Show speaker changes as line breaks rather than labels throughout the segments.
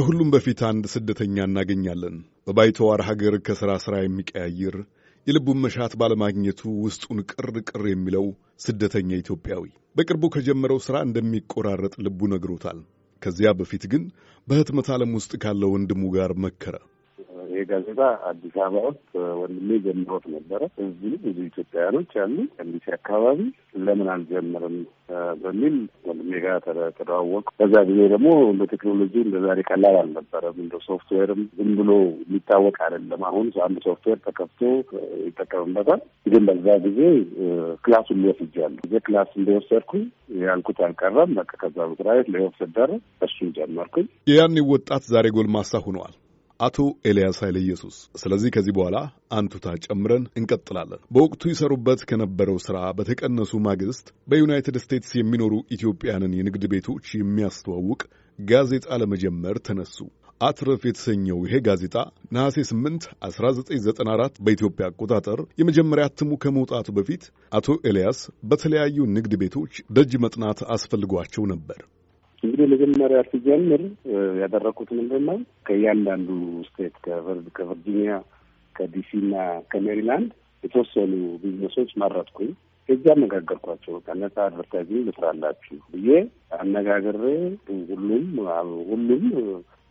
ከሁሉም በፊት አንድ ስደተኛ እናገኛለን። በባይተዋር ሀገር ከሥራ ሥራ የሚቀያይር የልቡን መሻት ባለማግኘቱ ውስጡን ቅር ቅር የሚለው ስደተኛ ኢትዮጵያዊ በቅርቡ ከጀመረው ሥራ እንደሚቆራረጥ ልቡ ነግሮታል። ከዚያ በፊት ግን በሕትመት ዓለም ውስጥ ካለው ወንድሙ ጋር መከረ።
ጋዜጣ አዲስ አበባ ውስጥ ወንድሜ ጀምሮት ነበረ። እዚህ ብዙ ኢትዮጵያውያኖች አሉ ከእንዲሲ አካባቢ ለምን አልጀምርም በሚል ወንድሜ ጋር ተደዋወቅ። በዛ ጊዜ ደግሞ በቴክኖሎጂ እንደ ዛሬ ቀላል አልነበረም። እንደ ሶፍትዌርም ዝም ብሎ የሚታወቅ አይደለም። አሁን አንድ ሶፍትዌር ተከፍቶ ይጠቀምበታል። ግን በዛ ጊዜ ክላሱ ሊወስጃሉ ጊዜ ክላስ እንደወሰድኩ ያልኩት አልቀረም። በቃ ከዛ መስሪያ ቤት ሊወስድ ደረ እሱን ጀመርኩኝ።
ያኔ ወጣት ዛሬ ጎልማሳ ሆነዋል። አቶ ኤልያስ ኃይለ ኢየሱስ። ስለዚህ ከዚህ በኋላ አንቱታ ጨምረን እንቀጥላለን። በወቅቱ ይሰሩበት ከነበረው ስራ በተቀነሱ ማግስት በዩናይትድ ስቴትስ የሚኖሩ ኢትዮጵያንን የንግድ ቤቶች የሚያስተዋውቅ ጋዜጣ ለመጀመር ተነሱ። አትረፍ የተሰኘው ይሄ ጋዜጣ ነሐሴ 8 1994 በኢትዮጵያ አቆጣጠር የመጀመሪያ እትሙ ከመውጣቱ በፊት አቶ ኤልያስ በተለያዩ ንግድ ቤቶች ደጅ መጥናት አስፈልጓቸው ነበር።
እንግዲህ መጀመሪያ ሲጀምር ያደረግኩት ምንድን ነው ከእያንዳንዱ ስቴት ከቨርጂኒያ፣ ከዲሲ እና ከሜሪላንድ የተወሰኑ ቢዝነሶች መረጥኩኝ። እዛ አነጋገርኳቸው። ከነጻ አድቨርታይዚንግ ልስራላችሁ ብዬ አነጋግሬ ሁሉም ሁሉም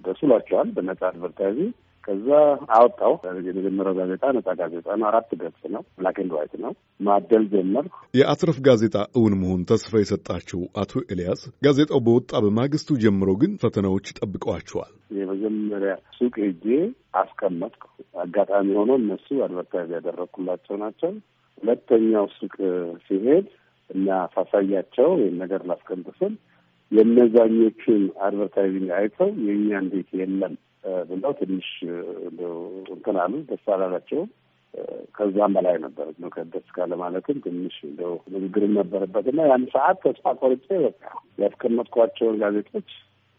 ደስ ብሏቸዋል። በነጻ አድቨርታይዚንግ ከዛ አወጣው የመጀመሪያ ጋዜጣ ነጻ ጋዜጣ ነው። አራት ገጽ ነው። ብላክ ኤንድ ዋይት ነው። ማደል ጀመርኩ።
የአትረፍ ጋዜጣ እውን መሆን ተስፋ የሰጣቸው አቶ ኤልያስ ጋዜጣው በወጣ በማግስቱ ጀምሮ ግን ፈተናዎች ጠብቀዋቸዋል።
የመጀመሪያ ሱቅ ሄጄ አስቀመጥኩ። አጋጣሚ ሆኖ እነሱ አድቨርታይዝ ያደረግኩላቸው ናቸው። ሁለተኛው ሱቅ ሲሄድ እና ሳሳያቸው ይህን ነገር ላስቀምጥ ስል የእነዛኞቹን አድቨርታይዚንግ አይተው የእኛ እንዴት የለም ብለው ትንሽ እንትን አሉ። ደስ አላላቸው። ከዛም በላይ ነበር ነው ከደስ ካለ ማለትም ትንሽ እንደው ንግግርም ነበረበት እና ያን ሰዓት ተስፋ ቆርጬ በቃ ያስቀመጥኳቸውን ጋዜጦች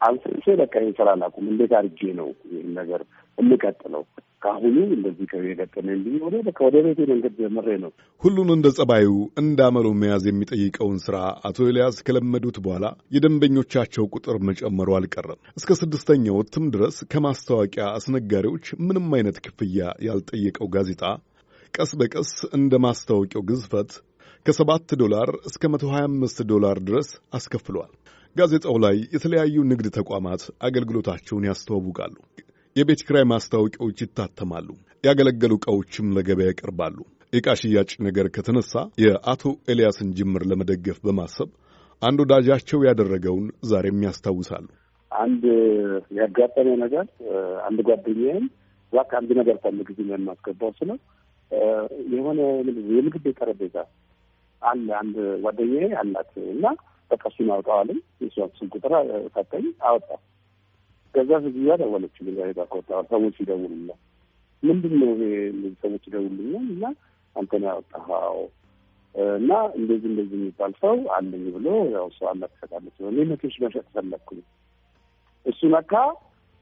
አንስቼ በቃ ይህን ስራ ላቁም፣ እንዴት አድርጌ ነው ይህን ነገር የምቀጥለው? ከአሁኑ እንደዚህ ከየቀጠለ እንዲኖረ በቃ ወደ ቤት መንገድ ጀምሬ ነው።
ሁሉን እንደ ጸባዩ እንደ አመሉ መያዝ የሚጠይቀውን ስራ አቶ ኤልያስ ከለመዱት በኋላ የደንበኞቻቸው ቁጥር መጨመሩ አልቀረም። እስከ ስድስተኛው እትም ድረስ ከማስታወቂያ አስነጋሪዎች ምንም አይነት ክፍያ ያልጠየቀው ጋዜጣ ቀስ በቀስ እንደ ማስታወቂያው ግዝፈት ከሰባት ዶላር እስከ መቶ ሀያ አምስት ዶላር ድረስ አስከፍሏል። ጋዜጣው ላይ የተለያዩ ንግድ ተቋማት አገልግሎታቸውን ያስተዋውቃሉ። የቤት ክራይ ማስታወቂያዎች ይታተማሉ። ያገለገሉ ዕቃዎችም ለገበያ ይቀርባሉ። የዕቃ ሽያጭ ነገር ከተነሳ የአቶ ኤልያስን ጅምር ለመደገፍ በማሰብ አንድ ወዳጃቸው ያደረገውን ዛሬም ያስታውሳሉ።
አንድ ያጋጠመ ነገር አንድ ጓደኛዬም እባክህ አንድ ነገር ፈልግ ጊዜ የማስገባው ስለው የሆነ የምግብ ጠረጴዛ አለ አንድ ጓደኛዬ አላት እና ተቀሱን አውጣዋልም የሷስን ቁጥር ታተኝ አወጣ። ከዛ ህዝብያ ደወለች ብላ ሄዳ ከወጣዋል ሰዎች ይደውሉኛል። ምንድን ነው ይሄ ሰዎች ይደውሉኛል እና አንተን ያወጣኸው እና እንደዚህ እንደዚህ የሚባል ሰው አለኝ ብሎ ያው እሷ አላትሰቃለች ሆ መኪኖች መሸጥ ፈለግኩኝ እሱ ነካ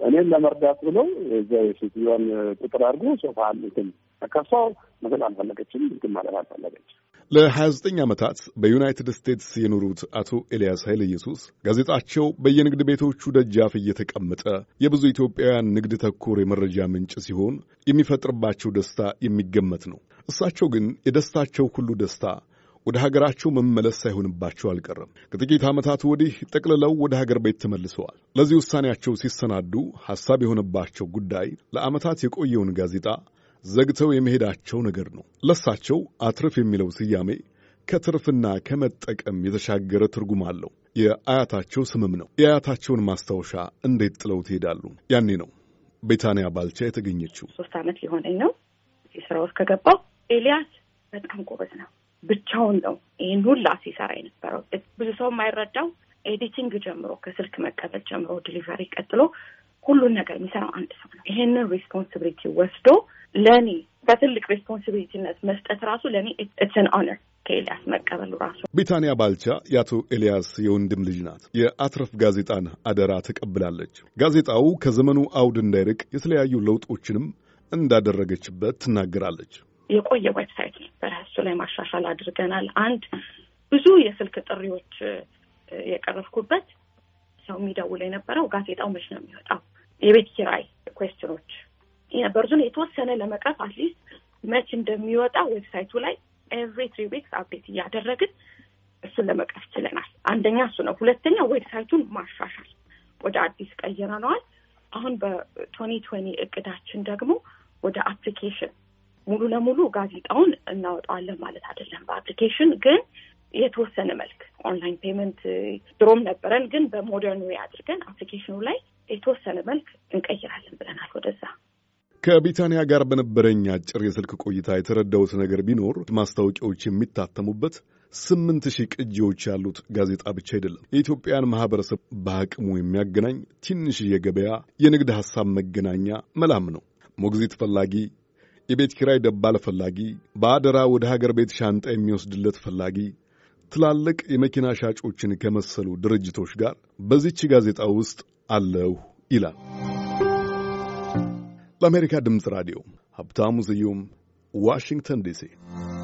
እኔን ለመርዳት ብሎ እዛ የሴትዮዋን ቁጥር አድርጎ ሶፋ እንትን ከሷ መሰል አልፈለገችም እንትን ማለት አልፈለገች
ለ29 ዓመታት በዩናይትድ ስቴትስ የኖሩት አቶ ኤልያስ ኃይለ ኢየሱስ ጋዜጣቸው በየንግድ ቤቶቹ ደጃፍ እየተቀመጠ የብዙ ኢትዮጵያውያን ንግድ ተኮር የመረጃ ምንጭ ሲሆን የሚፈጥርባቸው ደስታ የሚገመት ነው። እሳቸው ግን የደስታቸው ሁሉ ደስታ ወደ ሀገራቸው መመለስ ሳይሆንባቸው አልቀረም። ከጥቂት ዓመታት ወዲህ ጠቅልለው ወደ ሀገር ቤት ተመልሰዋል። ለዚህ ውሳኔያቸው ሲሰናዱ ሐሳብ የሆነባቸው ጉዳይ ለዓመታት የቆየውን ጋዜጣ ዘግተው የመሄዳቸው ነገር ነው። ለሳቸው አትርፍ የሚለው ስያሜ ከትርፍና ከመጠቀም የተሻገረ ትርጉም አለው። የአያታቸው ስምም ነው። የአያታቸውን ማስታወሻ እንዴት ጥለው ትሄዳሉ? ያኔ ነው ቤታንያ ባልቻ የተገኘችው።
ሶስት ዓመት ሊሆነኝ ነው ስራ ውስጥ ከገባው። ኤልያስ በጣም ጎበዝ ነው። ብቻውን ነው ይህን ሁላ ሲሰራ የነበረው። ብዙ ሰው የማይረዳው ኤዲቲንግ ጀምሮ ከስልክ መቀበል ጀምሮ ዲሊቨሪ ቀጥሎ ሁሉን ነገር የሚሰራው አንድ ሰው ነው። ይህንን ሪስፖንሲቢሊቲ ወስዶ ለእኔ በትልቅ ሬስፖንሲቢሊቲነት መስጠት ራሱ ለእኔ ኢትን ኦነር ከኤልያስ
መቀበሉ ራሱ። ቢታንያ ባልቻ የአቶ ኤልያስ የወንድም ልጅ ናት። የአትረፍ ጋዜጣን አደራ ተቀብላለች። ጋዜጣው ከዘመኑ አውድ እንዳይርቅ የተለያዩ ለውጦችንም እንዳደረገችበት ትናገራለች።
የቆየ ዌብሳይት ነበረ፣ እሱ ላይ ማሻሻል አድርገናል። አንድ ብዙ የስልክ ጥሪዎች የቀረፍኩበት ሰው የሚደውለ የነበረው ጋዜጣው መች ነው የሚወጣው፣ የቤት ኪራይ ኩዌስትኖች የነበሩትን የተወሰነ ለመቅረፍ አትሊስት መች እንደሚወጣ ዌብሳይቱ ላይ ኤቭሪ ትሪ ዊክስ አፕዴት እያደረግን እሱን ለመቅረፍ ችለናል። አንደኛ እሱ ነው። ሁለተኛ ዌብሳይቱን ማሻሻል ወደ አዲስ ቀይረነዋል። አሁን በቶኒ ቶኒ እቅዳችን ደግሞ ወደ አፕሊኬሽን ሙሉ ለሙሉ ጋዜጣውን እናወጣዋለን ማለት አይደለም። በአፕሊኬሽን ግን የተወሰነ መልክ ኦንላይን ፔመንት ድሮም ነበረን፣ ግን በሞደርን ዌይ አድርገን አፕሊኬሽኑ ላይ የተወሰነ መልክ እንቀይራለን ብለናል ወደዛ
ከቢታንያ ጋር በነበረኝ አጭር የስልክ ቆይታ የተረዳሁት ነገር ቢኖር ማስታወቂያዎች የሚታተሙበት ስምንት ሺህ ቅጂዎች ያሉት ጋዜጣ ብቻ አይደለም። የኢትዮጵያን ማህበረሰብ በአቅሙ የሚያገናኝ ትንሽ የገበያ የንግድ ሐሳብ መገናኛ መላም ነው። ሞግዚት ፈላጊ፣ የቤት ኪራይ ደባል ፈላጊ፣ በአደራ ወደ ሀገር ቤት ሻንጣ የሚወስድለት ፈላጊ ትላልቅ የመኪና ሻጮችን ከመሰሉ ድርጅቶች ጋር በዚች ጋዜጣ ውስጥ አለሁ ይላል። ለአሜሪካ ድምፅ ራዲዮ ሀብታሙ ስዩም ዋሽንግተን ዲሲ